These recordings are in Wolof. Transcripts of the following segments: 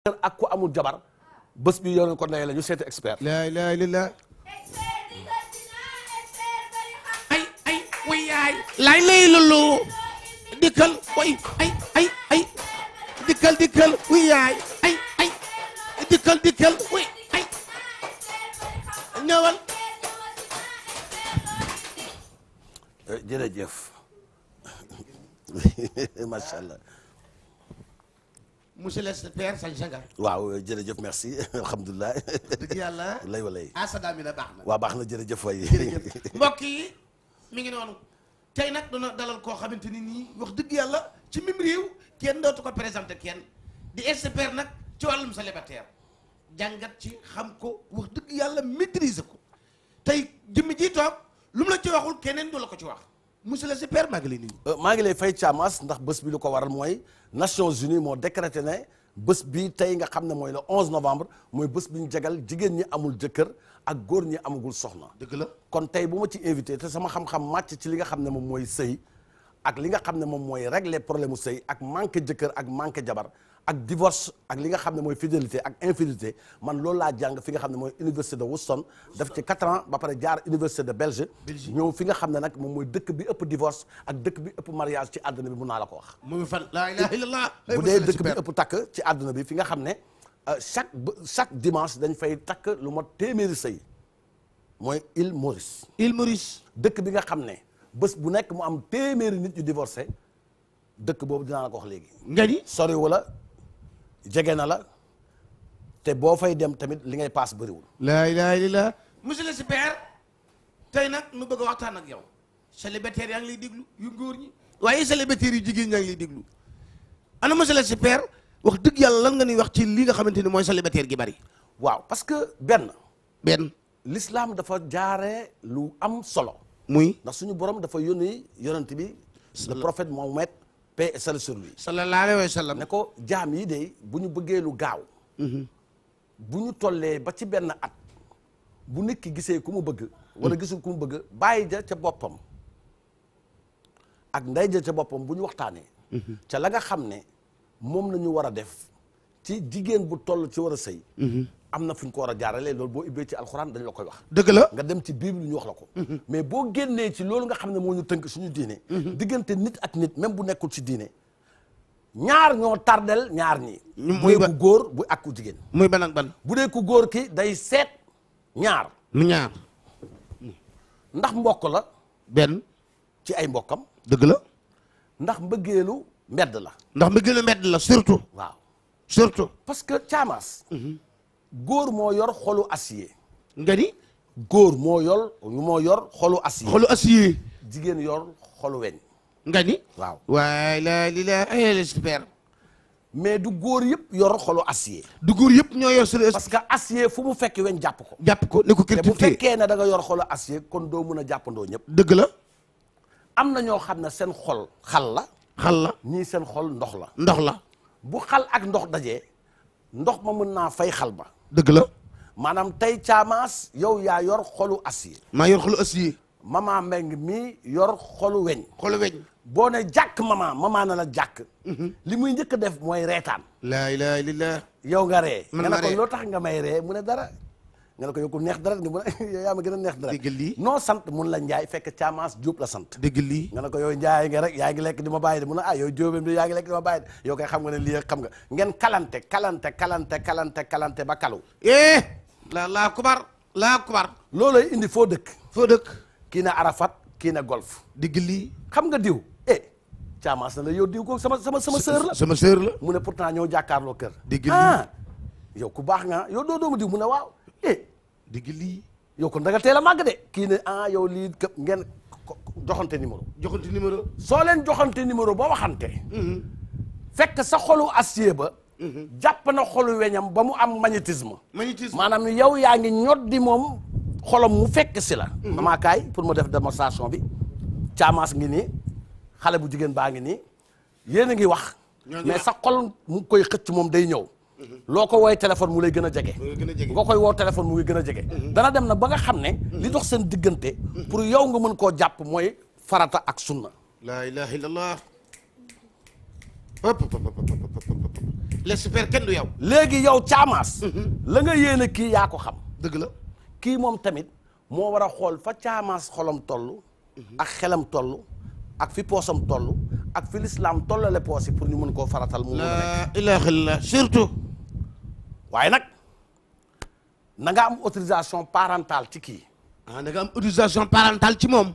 ak ku amul jabar bés bi yoon ko nay dikkal way ay dikkal dikkal way ay dikkal dikkal way ay ñëwal eh, jërëjëf macha allah monsieur le père sañ Senghar. waaw jërëjëf merci alhamdulilah. dëgg yàlla. lay walay. asadaam ah, yi la baax na. waaw baax na jërëjëf waay. jërëjëf mbokk yi mi ngi noonu. tey nag dana dalal koo xamante ni nii wax dëgg yàlla ci mim réew kenn dootu ko présenté kenn di expert nag ci wàllum célibataire jàngat ci xam ko wax dëgg yàlla maîtriser ko tey jëmm ji toog lu la ci waxul keneen du la ko ci wax. monsieur le super maa ngi lay nuyu. Euh, maa ngi lay fay Thiamas ndax bés bi lu ko waral mooy Nations uni moo décrété ne bés bi tey nga xam ne mooy le 11 novembre mooy bés bi ñu jagal jigéen ñi amul jëkkër ak góor ñi amagul soxna. dëgg la kon tey boo ma ci invité te sama xam-xam màcc ci li nga xam ne moom mooy sëy ak li nga xam ne moom mooy régler problème mu sëy ak manqué jëkkër ak manqué jabar ak divorce ak li nga xam ne mooy fidélité ak infidélité man loolu laa jàng fi nga xam ne mooy université de Houston def ci 4 ans ba pare jaar université de Belge ñëw fi nga xam ne nag moom mooy dëkk bi ëpp divorce ak dëkk bi ëpp mariage ci àdduna bi mun naa la ko wax muy fan laa ilaha illallah bu dee dëkk bi ëpp takk ci àdduna bi fi nga xam ne euh, chaque chaque dimanche dañ fay takk lu mot téeméeri sëy mooy Île Maurice Île Maurice dëkk bi nga xam ne bés bu nekk mu am téeméeri nit yu divorcé dëkk boobu dinaa la ko jege na la te boo fay dem tamit li ngay paas bëriwul. laa ilaaha illallaah. monsieur le super tey nag nu bëgg a waxtaan ak yow célibataire yaa ngi lay déglu yu góor ñi waaye célibataire yi jigéen ñaa ngi lay déglu ana monsieur le super wax dëgg yàlla lan nga ñuy wax ci li nga xamante ni mooy célibataire gi bari. waaw parce que benn. benn lislaam dafa jaaree lu am solo. muy ndax suñu borom dafa yónni yonent bi. le prophète Mohamed paix et salut sur ne ko jaam yi de bu ñu bëggee lu gaaw. Mhm. bu ñu tollee ba ci benn at. bu nit gisee ku mu bëgg. wala mhm. gisul ku mu bëgg bàyyi ja ca boppam. ak nday ja ca boppam bu ñu waxtaanee. Mhm. ca la nga xam ne moom la ñu war a def. ci jigéen bu toll ci war a sëy. am na fu ñu ko a jaarale loolu boo ubbee ci alxuraan dañ la koy wax dëgg la nga dem ci bible ñu wax la ko mhm. mais boo génnee ci loolu nga xam ne moo ñu tënk ñu diine mhm. diggante nit ak nit même bu nekkul ci diine ñaar ñoo tardel ñaar ñi bu dee ku góor bu ak jigéen muy ban ak ban bu dee ku góor ki day seet ñaar mu ñaar ndax mbokk la benn ci ay mbokkam dëgg la ndax mbëggeelu mbedd la ndax mbëggeelu mbedd la surtout waaw parce que caamaas mhm. góor moo yor xolu acier. nga góor moo yor moo yor xolu acier. xolu acier. jigéen yor xolu weñ. nga waaw waay la li la super. mais du góor yëpp yor xolu acier. du góor yëpp ñoo yor solo. parce que acier fu mu fekk weñ jàpp ko. jàpp ko ne ko te bu fekkee ne da nga yor xolu acier kon doo mën a jàppandoo ñëpp. dëgg la. am na ñoo xam na seen xol xal la. xal la ñii seen xol ndox la. ndox la bu xal ak ndox dajee ndox ma mën naa fay xal ba. dëgg la maanaam tey caamaas yow yaa yor xolu acier maa yor ma acier mama ngi mi yor xolu weñ xolu weñ boo ne jàkk mama mama na la jàkk mhm. li muy njëkk def mooy reetaan laa ilaaha illallaah yow nga ree nga ne ko loo tax nga may ree mu ne dara nga ne ko yow neex dara nga a neex dara dégg lii noo sant mun la njaay fekk caamaas Diop la sant dégg lii nga ne ko yow njaay nga rek yaa ngi lekk di ma a ah yow jóobéem de yaa ngi yow nga ne lii xam nga ngeen kalante kalante kalante kalante ba kalu eh, la laa kubar laa kubar loolay indi foo dëkk foo dëkk kii na Arafat kii na golf dégg lii xam nga diw eh caamaas na la yow diw ko sama sama sama sœur la sama sœur la mu ne pourtant ñoo jàkkaarloo kër dégg lii ah, yow ku baax nga yow doo diw mu ne waaw eh, digg lii yow kon da nga teel a màgg de kii ne ah yow lii këpp ngeen joxante numéro joxante numéro soo leen joxante numéro ba waxante mm-hmm. fekk sa xolu acier ba mm-hmm. jàpp na xolu weñam ba mu am magnétisme magnétisme maanaam yow yaa ngi ñot di moom xolom mu fekk si la mamaa mm-hmm. kaay pour ma def démonstration bi caamaas ngi nii xale bu jigéen baa ngi nii yéen a ngi wax mais sa xol mu koy xëcc moom day ñëw loo ko woowee téléphone mu lay gën a jege nga koy woo téléphone mu ngi gën a jege mm-hmm. dana dem na ba nga xam ne li dox seen diggante mm-hmm. pour yow nga mën koo jàpp mooy farata ak sunna la ilaha illallah les super kenn du yow léegi yow caamaas mm-hmm. la nga yéene kii yaa ko xam dëgg la kii moom tamit moo war a xool fa caamaas xolam toll ak xelam toll ak fi poosam toll ak fi lislaam tollale poos yi pour ñu mën koo faratal mu la ilaha illallah surtout waaye nag nanga am autorisation parentale ci kii. ah na am autorisation parentale ci moom.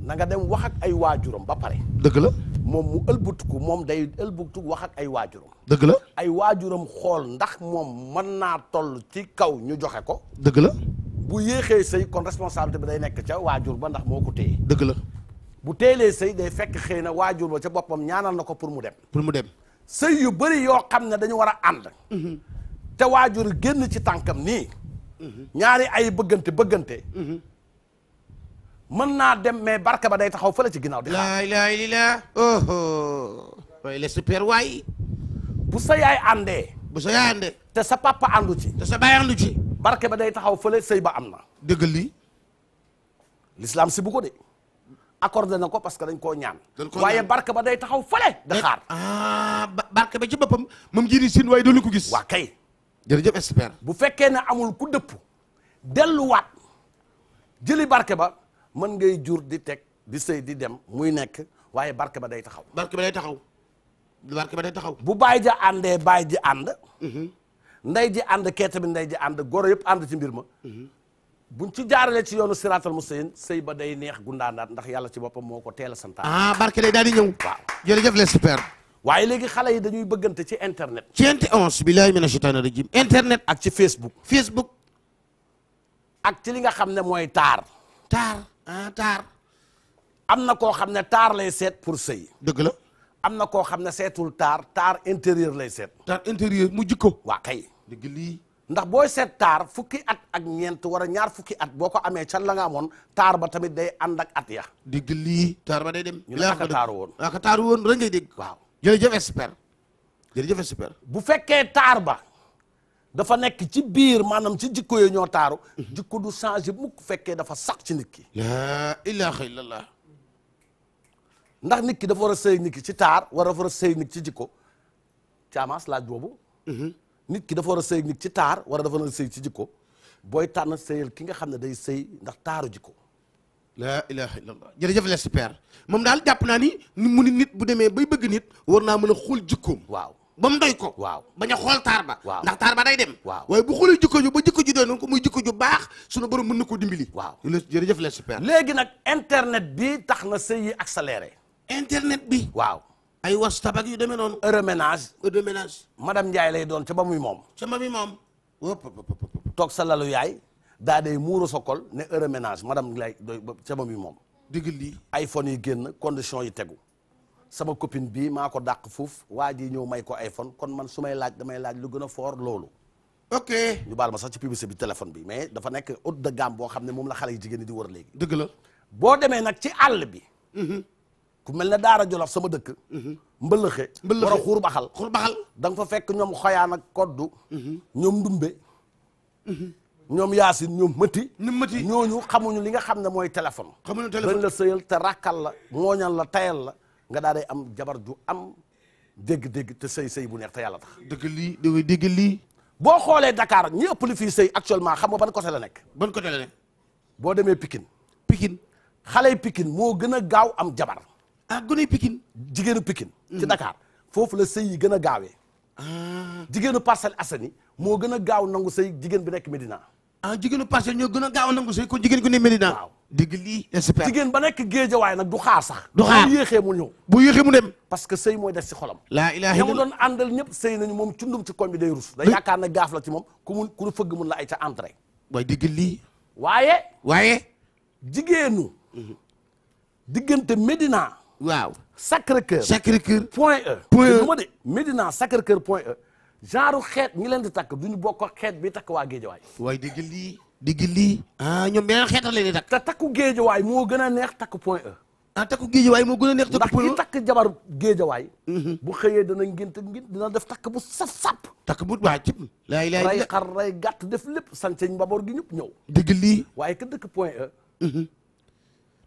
na nga dem wax ak ay waajuram ba pare. dëgg la moom mu ëlbutiku moom day ëlbutiku wax ak ay waajuram. dëgg la ay waajuram xool ndax moom mën naa toll ci kaw ñu joxe ko. dëgg la bu yéexee sëy kon responsabilité bi day nekk ca waajur ba ndax moo ko téye. dëgg la bu teelee sëy day fekk xëy na waajur ba ca boppam ñaanal na ko pour mu dem. pour mu dem sëy yu bëri yoo xam ne dañu war a ànd. Mhm. te waa waajur génn ci tànkam nii ñaari ay bëggante bëggante mën naa dem mais barke ba day taxaw fële ci ginnaaw di laa ilaaha illallaah oh waay le super waay bu sa yaay te sa papa àndu ci te sa baay àndu ci barke ba day taxaw fële sëy ba am na dëgg lii l'islam si bu ko de accordé na ko parce que dañ koo ñaan waaye barke ba day taxaw fële da xaar ah ba ci boppam moom jiri sin waaye doolu ko gis waa kay jërëjëf expert bu fekkee ne amul ku dëpp delluwaat jëli barke ba mën ngay jur di teg di sëy di dem muy nekk waaye barke ba day taxaw barke ba day taxaw barke ba day taxaw bu baay ja àndee baay ji ànd mhm. nday ji ànd kee tamit nday ji ànd goro yëpp ànd ci mbir ma mhm. buñ ci jaarale ci yoonu siraatal mustaqim sëy ba day neex gundaandaat ndax yàlla ci boppam moo ko teela a santaan ah barke day daal di ñëw waaw jërëjëf l'expert waaye léegi xale yi dañuy bëggante ci internet. ci onze billahi mina shaytaani rajim internet. ak ci Facebook. Facebook. ak ci li nga xam ne mooy taar. taar ah taar. am na koo xam ne taar lay seet pour sëy. dëgg la am na koo xam ne seetul taar taar intérieur lay seet. taar intérieur mu jikko. waa kay. dëgg ndax booy seet taar fukki at ak ñeent wala ñaar fukki at boo ko amee can la amoon taar ba tamit day ànd ak at ya. dëgg lii taar ba day dem. ñu ne aka taaru woon aka taaru woon rek ngay dégg waaw. jërëjëf expert jërëjëf expert bu fekkee taar ba dafa nekk ci biir maanaam ci jikko yooyu ñoo taaru jikko du changé mukk fekkee dafa sax ci nit ki laa ilaha illallah ndax nit ki dafa war a sëy nit ci taar war a war a sëy nit ci jikko caamaas laaj boobu mhm. nit ki dafa war a sëy nit ci taar war a dafa war a sëy ci jikko booy tànn sëyal ki nga xam ne day sëy ndax taaru jikko laa ilaha illallah jërëjëf l'expert moom daal jàpp naa ni mu ni nit bu demee bay bëgg nit war naa mën a xool jikkoom waaw ba mu doy ko waaw ba a xool taar ba waaw ndax taar ba day dem waaw waaye bu xoolee jikko ju ba jikko ju doy na ko muy jikko ju baax sunu borom mën na koo dimbali waaw jërëjëf l'expert léegi nag internet bi tax na ak sa leere internet bi waaw ay was tabak yu demee noonu heureux ménage heureux ménage madame Ndiaye lay doon ca ba muy moom ca ba muy moom toog sa lalu yaay daa day muuru sa kol ne heure ménage madame lay doy sama mi moom digg lii iPhone yi génn condition yi tegu sama copine bi maa ko dàq fuuf waa ji ñëw may ko iPhone kon man su may laaj damay laaj lu gën a fort loolu ok ñu baal ma sax ci publicité bi téléphone bi mais dafa nekk haut de gamme boo xam ne moom la xale yi jigéen ñi di wër léegi dëgg la boo demee nag ci àll bi mhm. ku mel ne Daara Jolof sama dëkk mhm. mbëlëxe mbëlëxe war a xuur baxal xuur baxal fa fekk ñoom xoyaan ak koddu mhm. ñoom ndumbe ñoom yaasin ñoom mëti mëti ñooñu xamuñu li nga xam ne mooy téléphone xamuñu téléphone dañ la sëyal te rakkal la mooñal la teyal la nga daal day am jabar ju am dégg-dégg te sëy sëy bu neex te yàlla tax lii dëgg dégg lii boo xoolee Dakar ñi ëpp li fii sëy actuellement xam nga ban côté la nekk ban côté la boo demee pikin Pikine xale Pikine moo gën a gaaw am jabar ah gone Pikine jigéenu Pikine mm. ci Dakar foofu la sëy yi gën a gaawee ah. jigéenu Parcelles Assainies moo gën a gaaw nangu sëy jigéen bi nekk Médina ah jigéenu parcelle ñoo gën a gaaw a nangu sëy ko jigéen ku ne Medina. waaw dégg lii jigéen ba nekk géeja waaye nag du xaar sax. du xaar bu mu ñëw. bu yéexee mu dem. parce que sëy mooy des si xolam. laa ilaaha illallaah doon àndal ñëpp sëy nañu moom cundum ci koñ bi day rus. da yaakaar na gaaf la ci moom ku mun fëgg mun la ay ca entrée. waaye dégg lii. waaye. waaye. jigéenu. Mhm. diggante Medina. waaw point E. point E du ma de Medina sacré point E. genre xeet ñi leen di takk duñu bokk xeet bi takk waa géejawaay waay dégg lii dégg lii ah ñoom beneen xeet la leen di takk te takku géejawaay moo gën a neex takk point a e. ah takku waay moo gën a neex takk point e ndax ki takk jabar géejawaay mhm. bu xëyee dana ngént ngént dina def takk bu saf sàpp takk bu waa cib laay laay ray xar ray gàtt def lépp sanceñ mbaboor gi ñëpp ñëw dégg lii waaye ka dëkk point e mhm.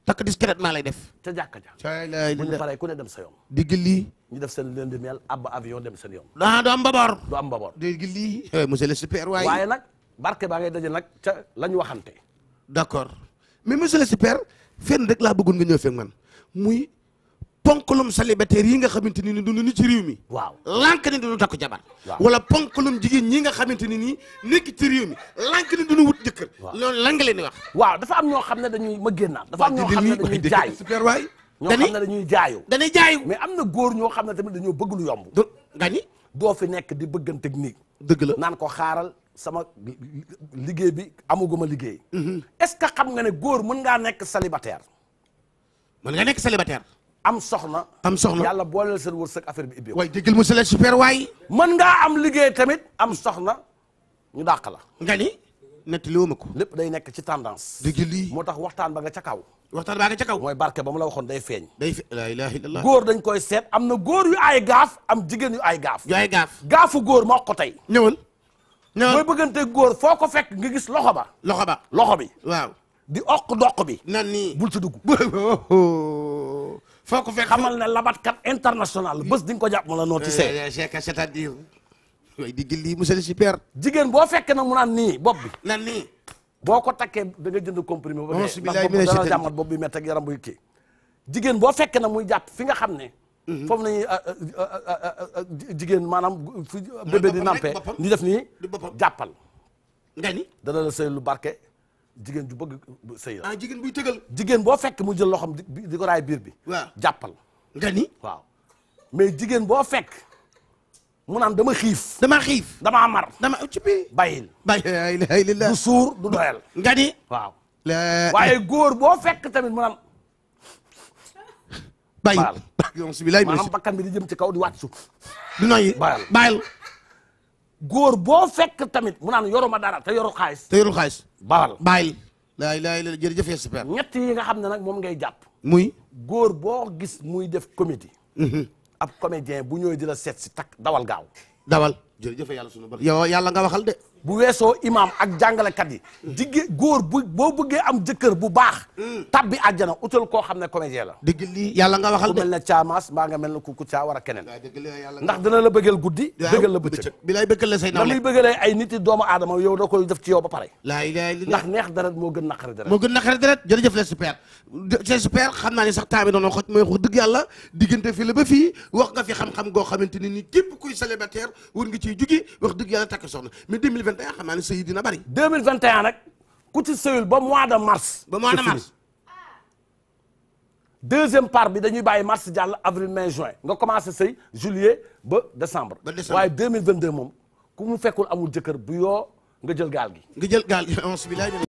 takk discrètement lay def. ca jàkka ja. bu ñu paree ku ne dem sa yoon. di gilli. ñu def seen leen di mel ab avion dem seen yoon. ah du am mbaboor. du am mbaboor di gilli. Eh, monsieur le super waaye. waaye nag barke baa ngay daje nag ca la ñu waxante. d' accord mais monsieur le super fenn rek laa bëggoon nga ñëw fekk man muy ponkalum célibataire yi nga xamante ni du ñu ci réew mi. waaw lànk ni du ñu takku jabar. wala ponkalum jigéen ñi nga xamante ni nii nekk ci réew mi lànk ni du ñu wut jëkkër. loolu lan nga leen di wax. waaw dafa am ñoo xam ne dañuy ma génnaat. dafa am ñoo xam ne dañuy jaay super waay. ñoo xam ne dañuy jaayu. dañuy am na góor ñoo xam ne tamit dañoo bëgg lu yomb. nga ni doo fi nekk di bëggante ak nii. dëgg la naan ko xaaral sama liggéey bi amaguma liggéey. Mm-hmm. est-ce que xam nga ne góor mën ngaa nekk célibataire mën nga nekk célibataire am soxna. am soxna yàlla booleel seen wërsëg affaire bi ubbeeku. waay déggal monsieur le super waay. mën ngaa am liggéey tamit am soxna ñu dàq la. nga ni wu ma ko. lépp day nekk ci tendance. dëgg moo tax waxtaan ba nga ca kaw. waxtaan baa nga ca kaw. mooy barke ba mu la waxoon day feeñ. day fe la ilaha dañ koy seet am na góor yu ay gaaf am jigéen yu ay gaaf. yu ay gaafu góor ma wax ko tey. ñëwal ñëwal mooy bëggante góor foo ko fekk nga gis loxo ba. loxo ba loxo bi. di oq doq bi. nan nii bul ci foo ko fekk xamal ne labatkat international bés di nga ko jàpp ma la nooti eh, eh, see c'est-à-dire way di gilli monsieur jigéen boo fekk na mu naan nii bopp bi nan nii boo ko takkee da nga jënd comprimé ba ndax dana jàmmat bopp bi métt ak yaram buy kii jigéen boo fekk na muy jàpp fi nga xam ne mhm. foofu nañu euh, euh, euh, jigéen maanaam fu bébé di nampé ñu def nii jàppal nga dana la sëy lu barke jigéen ju bëgg sëy la. Ah, jigéen buy tëgal. jigéen boo fekk mu jël loxoom di ko raay biir bi. waaw jàppal. nga ni waaw. mais jigéen boo fekk mu naan dama xiif. dama xiif dama mar. dama ci bi bayil. bayil du suur du doyal. nga ni waaw. waaye góor boo fekk tamit mu naan. bayil. maanaam bakkan bi jëm ci kaw di wàcc góor boo fekk tamit mu naan yoruma dara te yoru xaalis. te yoru xaalis. baal bàyyil. laay laay la jërëjëf expert. ñett yi nga xam ne nag moom ngay jàpp. muy góor boo gis muy def comédie. Mhm. ab comédien bu ñëwee di la seet si takk dawal gaaw. dawal jërëjëf yàlla sunu borom yow yàlla nga waxal de. bu weesoo imaam ak jàngalekat yi. digg góor bu boo bëggee am jëkkër bu baax. Hmm. tabbi àjjana utal koo xam ne comédien la. digg nga waxal de ku mel ne caamaas mbaa nga mel a keneen. ndax dina la la bëccëg bi lay bëggal la say nawle muy bëggalee ay nit yi doomu aadama yow da koy def ci yow ba pare. laay laay ndax neex deret fii ba fii wax nga fi xam-xam goo xamante ni képp kuy célibataire wër nga ciy jugi wax dëgg yàlla takk soxna mais 2021 xam naa ne sëy dina bari 2021 nag ku ci sëyul ba mois de mars ba mois de mars deuxième part bi dañuy bàyyi mars jàll avril mai juin nga commencé say juillet ba décembre vingt 2022 moom ku mu fekkul amul jëkkër bu yoo nga jël gaal gi nga jël gaal gi